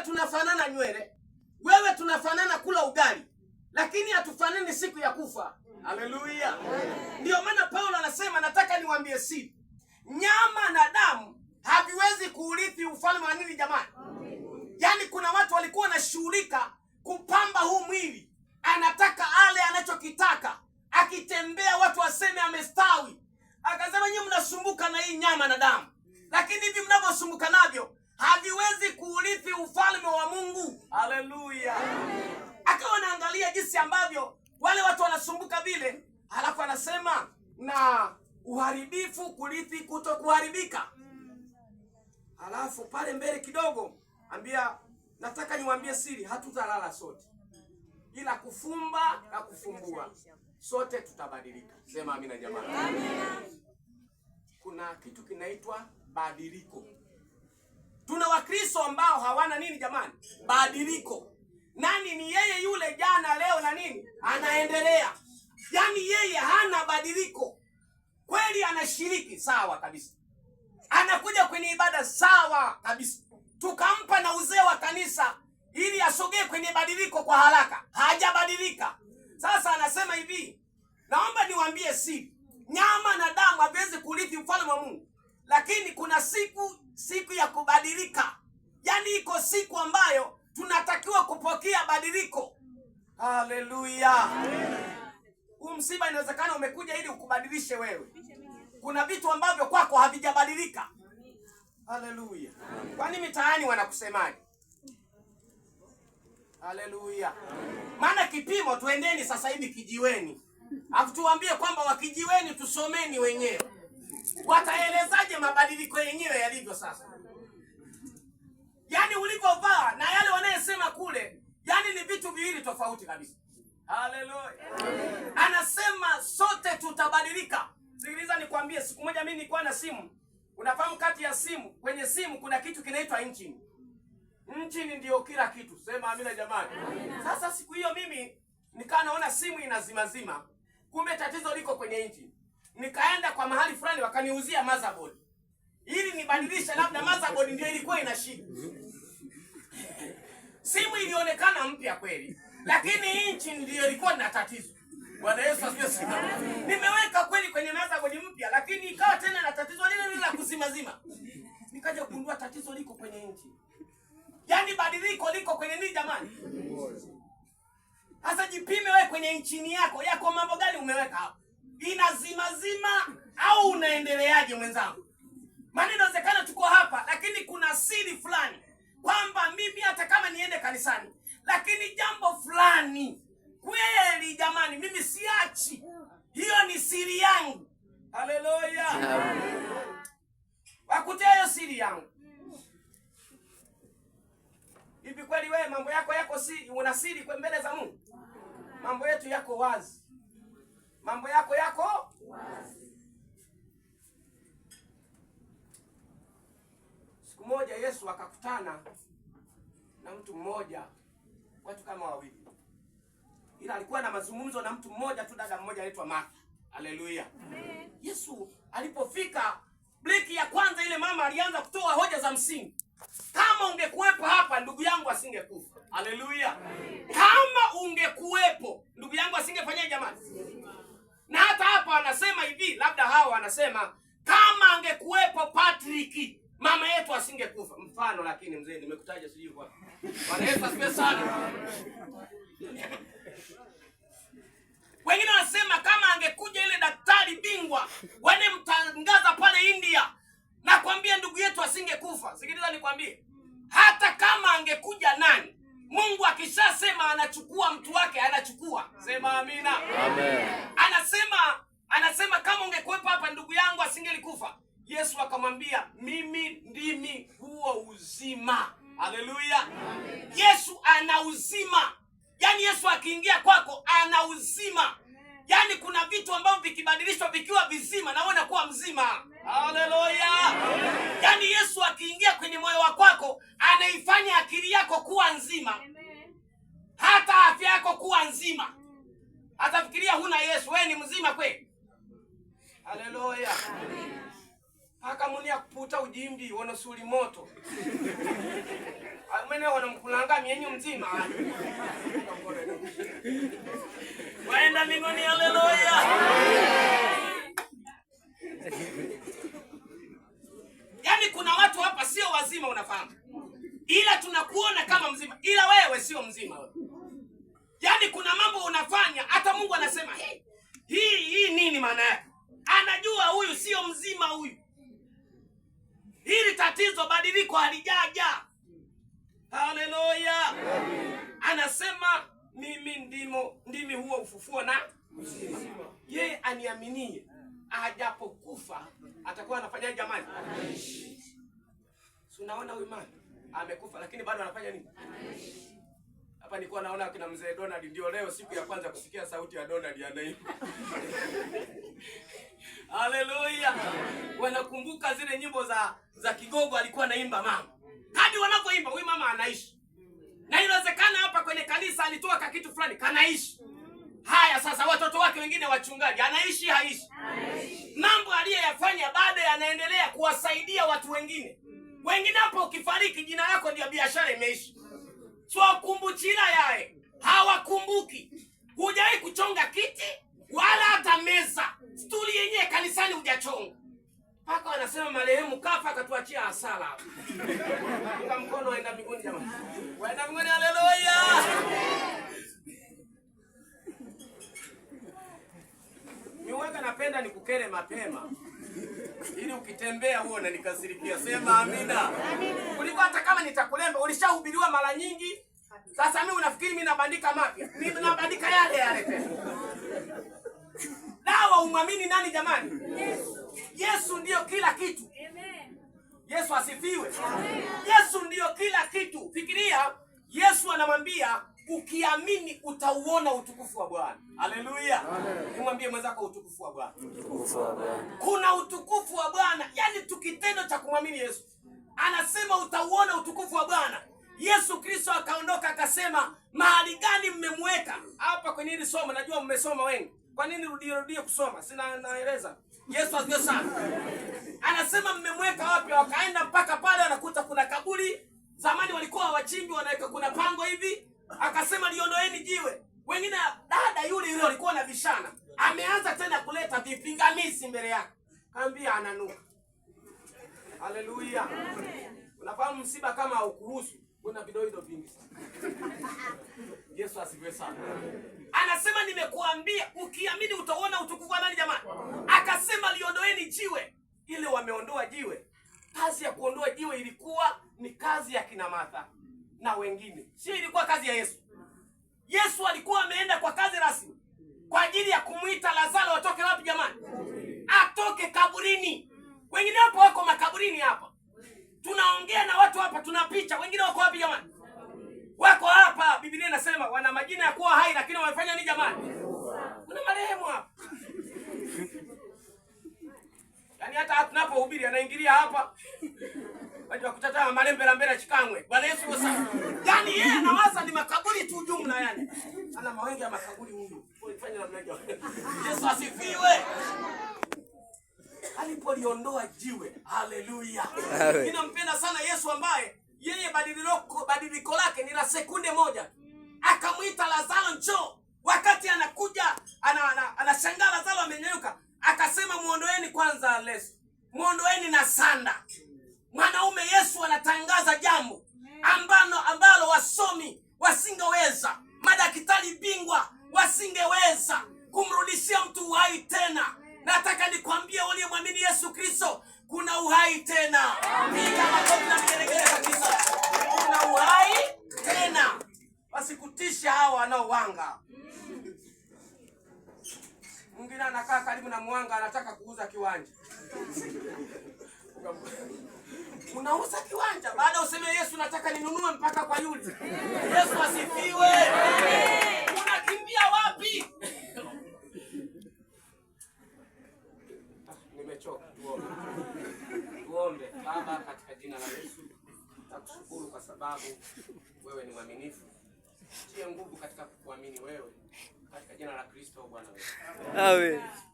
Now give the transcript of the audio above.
wewe tunafanana nywele, wewe tunafanana kula ugali, lakini hatufanani siku ya kufa. Haleluya! Ndiyo maana Paulo anasema, nataka niwaambie siri, nyama na damu haviwezi kuurithi ufalme wa nini jamani? Yaani kuna watu walikuwa wanashughulika kupamba huu mwili, anataka ale anachokitaka, akitembea watu waseme amestawi. Akasema nyinyi mnasumbuka na hii nyama na damu, lakini hivi mnavyosumbuka navyo haviwezi kuurithi ufalme wa Mungu. Haleluya! Akawa anaangalia jinsi ambavyo wale watu wanasumbuka vile, alafu anasema na uharibifu kurithi kuto kuharibika. Alafu pale mbele kidogo ambia, nataka niwaambie siri, hatutalala sote, ila kufumba na kufumbua sote tutabadilika. Sema amina jamani. Kuna kitu kinaitwa badiliko. Wakristo ambao hawana nini jamani, badiliko. Nani ni yeye yule jana leo na nini anaendelea, yaani yeye hana badiliko kweli. Anashiriki sawa kabisa, anakuja kwenye ibada sawa kabisa, tukampa na uzee wa kanisa ili asogee kwenye badiliko kwa haraka, hajabadilika. Sasa anasema hivi, naomba niwaambie siri, nyama na damu haviwezi kurithi ufalme wa Mungu, lakini kuna siku siku ya kubadilika. Yaani iko siku ambayo tunatakiwa kupokea badiliko. Haleluya! Huu msiba inawezekana umekuja ili ukubadilishe wewe. Kuna vitu ambavyo kwako havijabadilika. Haleluya! Kwani mitaani wanakusemaje? Haleluya! Maana kipimo, tuendeni sasa hivi kijiweni, akutuambie kwamba wakijiweni, tusomeni wenyewe, wataelezaje mabadiliko yenyewe yalivyo sasa yani ulivyovaa na yale wanayesema kule, yani ni vitu viwili tofauti kabisa. Haleluya, anasema sote tutabadilika. Sikiliza nikwambie, siku moja mimi nilikuwa na simu. Unafahamu, kati ya simu, kwenye simu kuna kitu kinaitwa injini. Injini ndio kila kitu, sema amina jamani. Sasa siku hiyo mimi nikawa naona simu inazimazima, kumbe tatizo liko kwenye injini. Nikaenda kwa mahali fulani, wakaniuzia motherboard ili nibadilishe, labda motherboard ndio ilikuwa ina shida. Simu ilionekana mpya kweli, lakini inchi ndio ilikuwa na tatizo. Bwana Yesu asifiwe sana. Nimeweka kweli kwenye motherboard mpya, lakini ikawa tena na tatizo lile lile la kuzimazima. Nikaja kugundua tatizo liko kwenye inchi, yaani badiliko liko kwenye nini jamani? Sasa jipime wewe kwenye inchini yako yako, mambo gani umeweka hapo? Inazimazima au unaendeleaje mwenzangu? Maana inawezekana tuko hapa, lakini kuna siri fulani kwamba mimi hata kama niende kanisani, lakini jambo fulani kweli, jamani, mimi siachi. Hiyo ni siri yangu. Haleluya, wakutia hiyo siri yangu. Hivi kweli wewe mambo yako yako si una siri kwa mbele za Mungu? Mambo yetu yako wazi, mambo yako yako Yesu akakutana na mtu mmoja, watu kama wawili, ila alikuwa na mazungumzo na mtu mmoja tu, dada mmoja anaitwa Martha. Haleluya! Yesu alipofika bliki ya kwanza ile, mama alianza kutoa hoja za msingi. Kama ungekuwepo hapa, ndugu yangu asingekufa. Haleluya! Kama ungekuwepo, ndugu yangu asingefanyia jamani. Na hata hapa anasema hivi, labda hawa anasema kama angekuwepo Patrick mama yetu asingekufa. Mfano lakini mzee, nimekutaja sijui kwa Bwana Yesu asifiwe sana. Wengine wanasema kama angekuja ile daktari bingwa wanemtangaza pale India, nakwambia ndugu yetu asingekufa. Sikiliza nikwambie, hata kama angekuja nani, Mungu akishasema anachukua mtu wake, anachukua. Sema amina, amen. Anasema anasema kama ungekuwepo hapa ndugu yangu asingelikufa Yesu akamwambia mimi ndimi huo uzima. Haleluya! Yesu ana uzima, yaani Yesu akiingia kwako ana uzima, yaani kuna vitu ambavyo vikibadilishwa vikiwa vizima na wewe unakuwa mzima. Haleluya! Yaani Yesu akiingia kwenye moyo wa kwako anaifanya akili yako kuwa nzima, hata afya yako kuwa nzima. Atafikiria huna Yesu, wewe ni mzima kweli. Haleluya! akamunia kuputa ujimbi suli moto amene mkulanga mienyu mzima waenda mingoni, haleluya. yani kuna watu hapa sio wazima, unafahamu, ila tunakuona kama mzima, ila wewe sio mzima wewe. Yaani kuna mambo unafanya hata Mungu anasema hii hii, hii nini maana yake? Anajua huyu sio mzima huyu Hili tatizo badiliko halijaja. Haleluya! Anasema mimi ndimo ndimi huo ufufuo na uzima, yeye aniaminie ajapokufa atakuwa anafanya jamani, anaishi. Unaona huyu mama amekufa lakini bado anafanya nini? Anaishi. Hapa nilikuwa naona kina mzee Donald ndio leo siku ya kwanza kusikia sauti ya Donald anaimba. Haleluya! Wanakumbuka zile nyimbo za za Kigogo alikuwa anaimba mama. Hadi wanapoimba huyu mama anaishi. Na inawezekana hapa kwenye kanisa alitoa ka kitu fulani kanaishi. Haya sasa watoto wake wengine wachungaji anaishi haishi. Mambo aliyoyafanya bado yanaendelea kuwasaidia watu wengine. Wengine hapo ukifariki jina lako ndio biashara imeishi. Sio kumbuchila yae. Hawakumbuki. Hujawahi kuchonga kiti, wala hata meza stuli yenyewe kanisani hujachonga, mpaka wanasema marehemu kafa akatuachia hasara hapo. mkono waenda mbinguni jamani, waenda mbinguni, haleluya. Niweka napenda nikukere mapema ili ukitembea huo nanikasirikia. Sema amina, kuliko hata kama nitakulemba. Ulishahubiriwa mara nyingi, sasa mi unafikiri mimi nabandika mapya? Mimi nabandika yale yale tena haumwamini nani jamani? Yesu. Yesu ndiyo kila kitu. Amen. Yesu asifiwe. Amen. Yesu ndiyo kila kitu. Fikiria, Yesu anamwambia ukiamini utauona utukufu wa Bwana. Haleluya. Nimwambie mwenzako utukufu wa Bwana. Kuna utukufu wa Bwana, yaani tukitendo cha kumwamini Yesu anasema utauona utukufu wa Bwana. Yesu Kristo akaondoka akasema, mahali gani mmemweka? Hapa kwenye hili somo najua mmesoma wengi kwa nini rudie rudie kusoma? Sina naeleza. Yesu asifiwe sana. Anasema mmemweka wapi? Wakaenda mpaka pale wanakuta kuna kaburi. Zamani walikuwa wachimbi wanaweka kuna pango hivi. Akasema liondoeni jiwe. Wengine dada yule yule alikuwa na vishana. Ameanza tena kuleta vipingamizi mbele yake. Kaambia ananuka. Haleluya. Unafahamu msiba kama haukuhusu Mbona vidoido vingi sana? Yesu asifiwe sana. Anasema nimekuambia ukiamini utaona utukufu wa nani jamani? Akasema liondoeni jiwe. Ile wameondoa jiwe. Kazi ya kuondoa jiwe ilikuwa ni kazi ya kina Martha na wengine. Sio ilikuwa kazi ya Yesu. Yesu alikuwa ameenda kwa kazi rasmi kwa ajili ya kumwita Lazaro atoke wapi jamani? Atoke kaburini. Wengine hapo wako makaburini hapa. Tunaongea na watu hapa, tuna picha. Wengine wako wapi jamani? Wako hapa. Biblia inasema wana majina ya kuwa hai, lakini wamefanya nini jamani? Kuna marehemu hapa yaani, hata tunapohubiri anaingilia hapa kutata malembe la mbele chikangwe. Bwana Yesu sana. Yaani yeye anawaza ni makaburi tu jumla yani. Ana mawengi ya makaburi huyu. Yesu asifiwe linapoliondoa jiwe. Haleluya! Ninampenda sana Yesu ambaye yeye badiliko, badiliko lake ni la sekunde moja. Akamwita Lazaro njoo. Wakati anakuja anashangaa ana, ana Lazaro amenyeuka, akasema muondoeni kwanza leso, muondoeni na sanda wanaowanga. Mm. Mwingine anakaa karibu na mwanga, anataka kuuza kiwanja unauza kiwanja, baada useme Yesu, nataka ninunue mpaka kwa yule. Yesu asifiwe! Unakimbia wapi? Nimechoka. Tuombe. Baba, katika jina la Yesu, nakushukuru kwa sababu wewe ni mwaminifu. Tia nguvu katika kukuamini wewe katika jina la Kristo Bwana wetu. Amen.